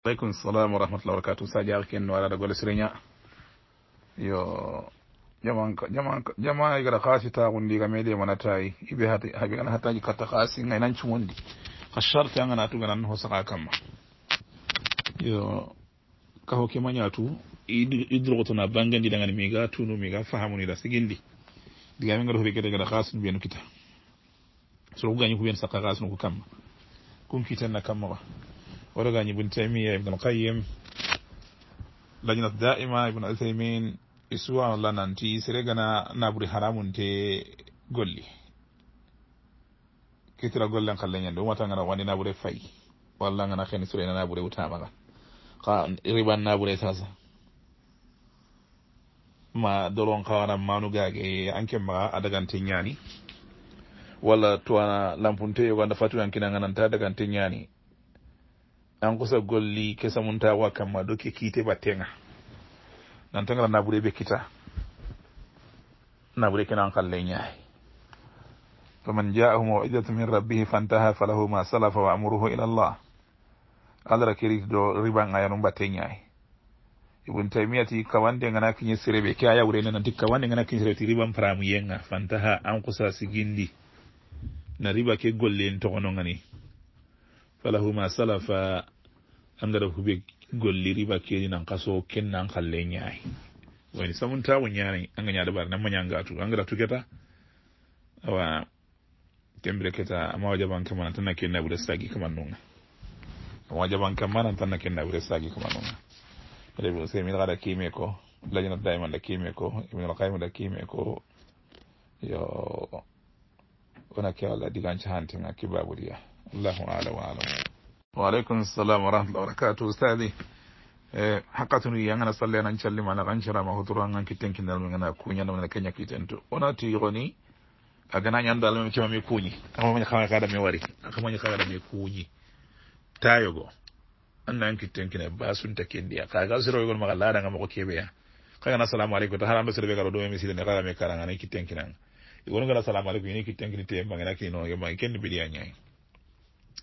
aleykum salam warahmatullah wabarakatu saja ken wala da golle sireña yo jamana gada gundi taxundiga mede manatayi ibe habi kana gana ji katta kaasi ngay nan cumondi xa charte angana tuganan ho saxa kamma yo ka kaho ke mañatu i durxotona bangandidangani miga tunu miga da sigindi diga digame ngada hoɓe gada gada kaasinu ɓenu kita so gañi ku ɓen saqa kaasinu ku kamma kun kitanna kamma ba ولولا أن ابن تيمية ابن القيم لجنة دائمة ابن عثيمين isuwa lana nti seregana naburi haramun te golli kitira gollen kallen yande umata ngana wani nabure fay walla ngana kheni sura ina nabure utamaga ka riban nabure sasa ma doron kawana manu gage anke maga adaganti nyani wala tuwana lampunte yoganda fatu yankina ngana nta adaganti an kusa golli kesa mun tawa kamma ɗo kekiite ba teŋa nan tengara naɓure ɓe kita naɓure kena an kalle ñaayi faman jaahu mawidatu min rabbihi fantaha falahu ma salafa wa amuruhu ila llah alara kerit ɗo riban ayanum ba teñaayi ibun taymiyati kawande gana kiñi sireɓe ke a yawrene nanti kawande gana kiñi sireɓe ti riban paramu yenga fantaha an kusa siginndi na riba ke golleni togono gani falahuma salafa angara huɓe golliri ba keni nan kaso kennan kalle ñaayi wani samunta wo ñaani anga ñaada ɓar nan mañangatu angara tuketa awa kembire keta amawa jaban kama nan tanna kenna ɓure sagi kama nunga amawa jaban kam ma nan tanna kenna ɓure sagi kama nunga ede ɓo semin xaɗa kime ko lajana daiman da kime ko ibnul qayim da kime ko yo wona ke walla digancahantinga kibabudiya الله أعلم وأعلم وعليكم السلام ورحمة الله وبركاته أستاذي hakkatunu yangana sallena callimana ganciramo hotoro an anki tenkinal mgana kuñanamana keñaki tento wona tigoni agana ñandalmem cemami kuñi akamañ kaakadami wari akamañ kaakadami kuñi tayogo anna anki tenkine basunta kendiya kaga sirowigon maga laadanga moko keɓeya kagana asalamu aleykum ta haramba sirve gara ɗome misilene kagami karanga nai ki tenkinanga igon gana asalamu aleykum ini ki tenkini temba ngena kininoge ma kendi biɗiya ñayi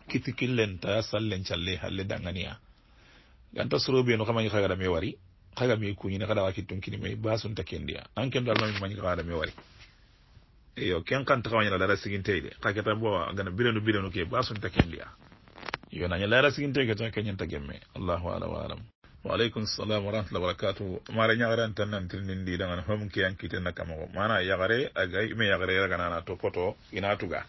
kiti killenta sallen calle halle danganiya ganta soroɓeno kamai kagada me wari kagami kuñine kadawa kittunkini me basunta kendiya ankendo almamimañi kagada me wari yo ken kanta kamañala lara siginteyde kaketa bo gana birenu birenu ke basunta kendiya yo naña lara siginte ke tona keñenta gemme allahu alam wa alam waaleykum salam warahmatullah wabarakatu mara ñagare antan nantirnindi dangan homke yankitenna kamago mana yagare agay ime yagare ragana na to poto ina tuga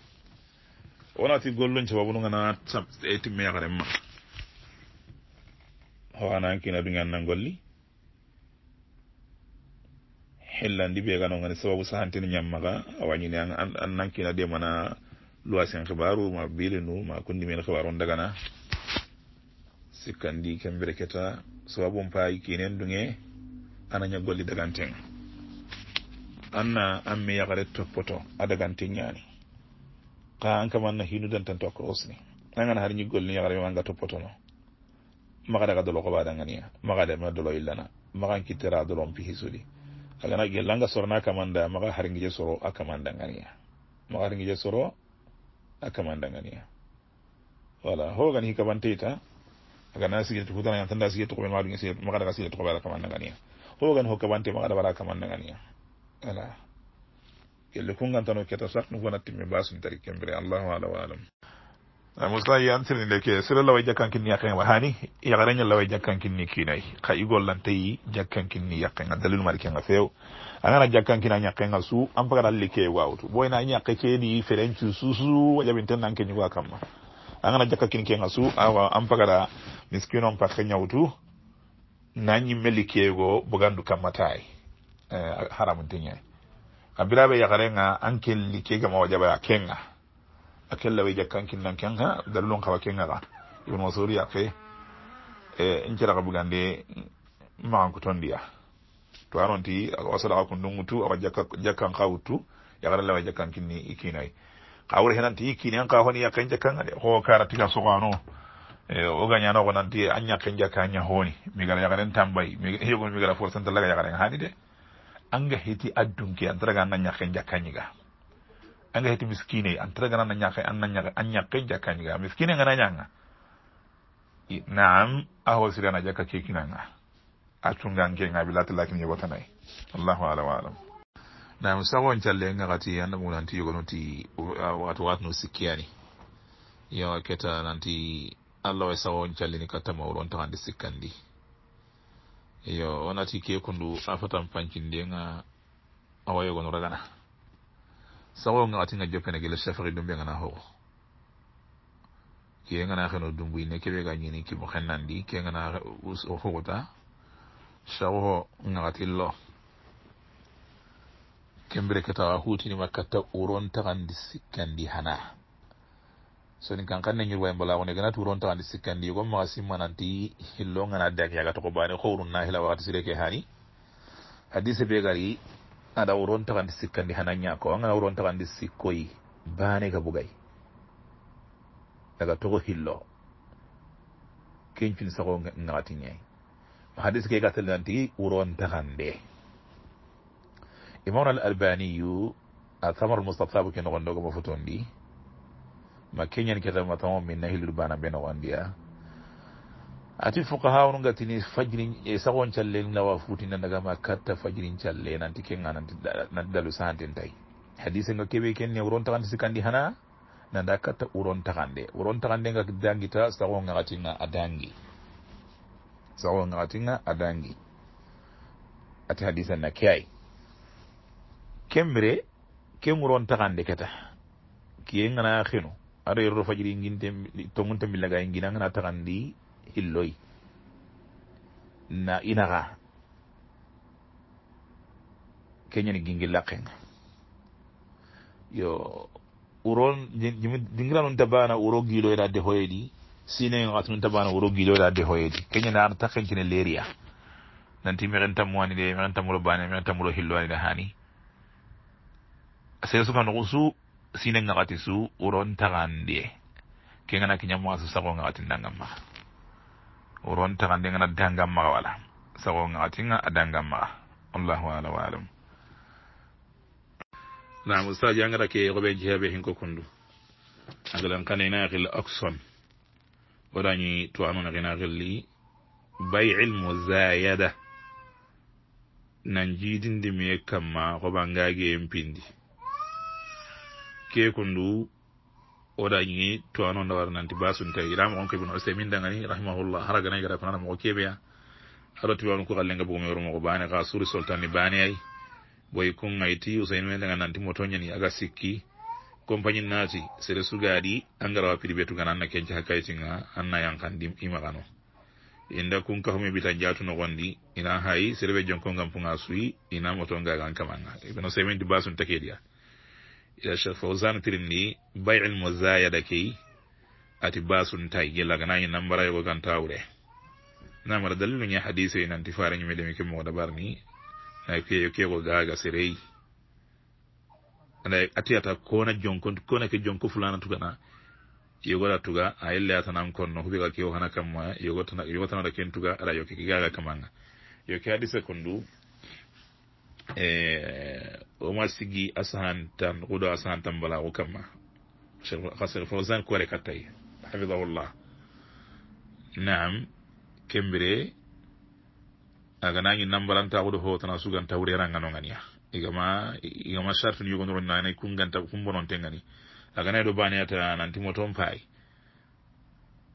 wonati gollon e sababu no gana sab eti mekrem ma hoanankina duganna golli hillandi ɓe gano gani sababu sahantini ñammaga awañini an nankina de mana loisin hibaru ma bilenu ma kundimen hibaru dagana sikkandi kembere keta sababu paayi kinen duge anaña golli daganten anna an mi yakare toppoto adagante ñani ka an kaman na hinudan tan tokko osni angana har nyigol ni yagare manga topotono magada ga dolo ko bada ngani magada ma dolo illana magan kitira dolo mpi hisudi agana gelanga sorna kamanda maga har ngije soro akamanda ngani maga har ngije soro akamanda ngani wala ho gani hika bantita agana sigi to hudana yantanda sigi to ko maadu ngi sigi magada ga sigi to ko bada kamanda ngani ho gani ho kabante magada bada kamanda ngani ala kelle kungan tano keta sartu gona timmi basun tari kembere allahu ala walam amusla ah, yantini leke sere lawa jakkanki ni yakkan hani yagarenya lawa jakkanki ni kinai kha igol lante yi jakkanki ni yakkan dalil mari kenga feo anana jakkanki na yakkan su am pagara leke wawtu boy na yakke ke ni ferenchu susu wajabin tan nanke ni wakamma anana jakkanki ni kenga su awa am pagara miskinon pakke nyawtu nanyi melike go bugandu kamatai eh, haramu tinyai a biraɓe yagarenga an kelli kegama wajaba a kenga a kellawa jakkan kinnan kenga daralun kawa kenga ga ibn masud yake e, inceraka bugande maganku tondiya to aronti awa sodaka kundugutu awa jakkan ka wuttu yagara lawa jakkan kinni i kinayi ka wuri henanti i kini an ka honi yakken jakkanga de ho karatika sogano e, o gañanogo nanti an ñakken jakka a ña honi migara yagaren tambayi yogo migara forcentalaga yagaren hani de anga heti addunke an taraga na ñakke jakkañiga anga heti miskine an taraga na ñakke an ñakke an ñakke jakkañiga miskine ngana ñanga naam aho sirana jakka ke kinanga atungan ke ngabi lati lati ni wata nay allah wala wala naam sawo jalle ngati yanda mo nanti yugo nanti wat uh, wat no sikiani yo keta nanti allah wa sawo jalle ni katamo ron tan di sikandi yo wonati kekundu afatan fankindenga awayogono ragana sawoga atinga joppene gila chefri dumbe gana hoo ke gana heno dumbu ine keɓe ga ñini kimo xennandi ke gana xuguta sawoo ngaxatillo kembire ketawa hutinima katta uron taxandi sikkandi xana soni kankan ne nyirwa mbala woni gana turon tawandi sikkandi ko ma simmananti hillo ngana dak yaga to ko bani khawrun na hila wakati sireke hani hadise be gari ada uron tawandi sikkandi hananya ko ngana uron tawandi sikkoyi bane ga bugay daga to hillo kencin sago ngati nyai eh. hadis ke gatal nanti uron tagande imam al albani yu athamar mustafa bu ken gondo go fotondi ma keñani ketama tama min nahilude bana mbeno wandiya ati fuka hawno gatini fajiri e sagon calle lawa futinde daga ma katta fajirin calle nanti kenga nanti dalu santen tay hadise nga keewe ken ne wuron taxande sikkandi hana nanda katta wuron taxande wuron taxande nga dangita sago ngaxatinga a dangi sago ngaxatinga a dangi ati hadise na ke ay kembre ke wuron taxande keta kiye ngana xinu are yoro fajiri ginte togun tembillaga ngina ngana tagandi hilloy na inaga ni gingi kenga yo uron dingira non tabana uro era de hoyedi sine ngat non tabana uro era de hoyedi na arta kenkine leria nanti renta moani de mexen tammulo bane mexen tammulo hilloani de hani sere suka kan rusu sine ngaxati su worontaxandie ke ngana kiñamoa su saxo ngaxati ndangammaxa worontaxandie ngana dangammaxa wala saxo ngaxatinga a dangammaxa wallahu ala wa alam nam ustadi angara ke xoɓe jeeɓe xinko kundu agalan kane ina xil oxon woɗañi tuwanuna xina xilli bay ilmo zayada nan jidindi me kamma xoɓangage empindi kekundu odañi to da war nanti basunta ila mogon ko ibnu usaymin dangani rahimahullah nay gara fanana mogo haro aɗo tiwanu ko mo yoro mo ko bani ka suri ni bani ay boy kun ayti usayn me dangani nanti tonya ni aga sikki compagnie nazi sere sugaɗi angarawa piri ɓetugana anna kenca hakkaytinga anna yankandi imaxano inda kun humi bita jatu gondi ina hayi sereɓe jonkongam punga suyi ina motongagan kamanga ibnu usaymin di basun takediya ila cheikh fawsan tirindi bayil mozayada key ati basun tay gella nambara nambarayogo kan tawre namara dalilu ña hadise nanti fareñume demi ke mogo dabarni na ke go gaga serey anda atiyata kona jonkon kona ke jonko fulana tugana yogoda tuga nan a yelle atanan konno huɓega kewo hana kamma da ken tuga aɗa yoke ke gaga kamanga yoke hadise kon du omar sigi asahan tan huɗo asahan tan bala ko kamma hasan fausan kore ka tawi hafidahullah naam kembire aga nañi nambalanta huɗo ho tana suganta wureranga ngani igama igama charte ni yogondoro nana kunganta kumbononte ngani aga nayi e ɗo baneyata nanti moton paayi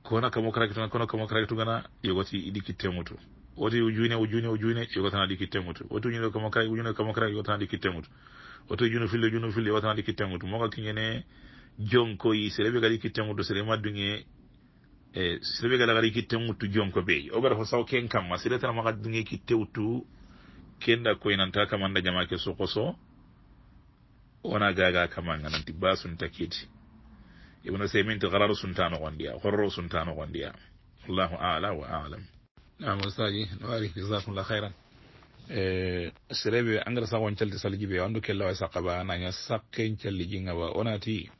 kona kamo kara kituna kono kamo kara kitugana yogoti idiki mutu woti ujune ujune ujune yogotana dikitte mutu woti ujune kamo kara ujune kamo kara yogotana dikitte mutu woti ujune fille ujune fille yogotana dikitte mutu moka kinyene jonkoyi serebe gadi kitte mutu sere madunge e eh, serebe gala gadi kitte mutu jonko beyi ogara ho saw ken kamma sere tana maka dunge kitte utu kenda koynanta kamanda jamake sokoso ona gaga kamanga nanti basunta kiti ibnu semin to gararo suntanogondiya horroo suntanogondiya allahu ala wa alam nam ustaji no wari jasakumllah hayran e, sereɓe engrais sa won calti salji ɓe andu kella way e saqaba naña sakken calli jingaba onati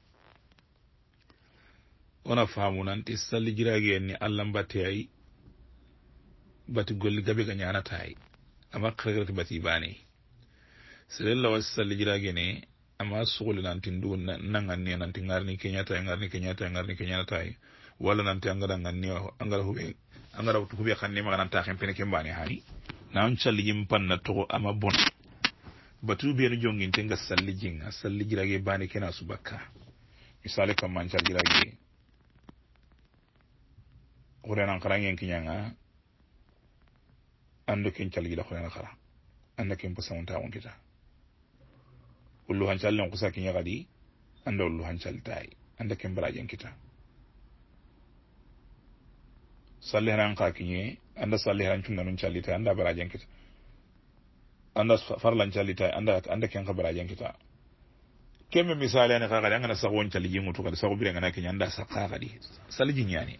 ona famunanti salli jiragi enni allah mbatteyayi bati golli gabe ga ñanatayi amma kregreti bati baneyi serella wa salli jiragi ne ama sugole nanti ndu nanganniya nanti ngarni keñata ngarni keñata ngarni keñanatayi wala nanti angara nganniya angara huɓe angara huɓe xannimaxa nanta xen pene ke mbane xayi nan salligin panna toxo ama bon batu benu jonginte nga salligin a salligirage bane kena subakka misali kamman cargirage xurenan xarangen kiñanga andu ken calgida xurena xara anda ken posamuntaxun kita ullu hancal len kusa kiña kadi annda ullu hancal taayi annda kembaraƴenkita salli heran ka kiñe annda salli heran cunganun callita annda barajenkita annda farlan callita annda annda ken ka barajenkita kembe misali ani ka kadi angana sagowon calli jinŋutu kadi sago bire ngana kiñe annda sakka kadi salli jiñani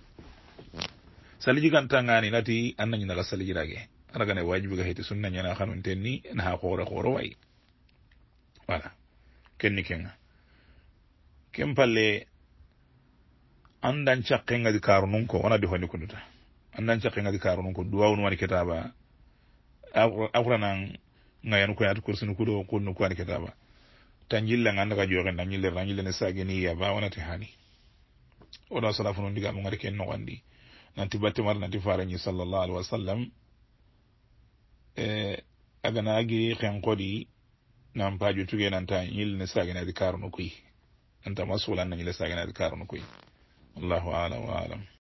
salli jigantangani nati annañinaga salli jirage aragane wajibiga heti sunna ñana xanun ten ni naha koore koore wayi voilà kenni kenga kempalle andan cakke ngadi karu nun ko wona di honi kunduta andan cakke ngadi karu nun ko duwawu nu wani kitaba akuranan ngayanu koyatu kursini kudo kunnu ko wani kitaba tanjilla nganda ka joxe nañillere nañille ne sageni yaba wonati hani oɗo salafu nu ndiga mu ngadi ken noxondi nanti battimar nanti fareñi sallallah alihi wa sallam eh, agana agiri xenqoɗi nan paju tuge nanta il ne saginadi karunu kuy nanta masulan nan ile saginadi karunu kuy allahu alam wa alam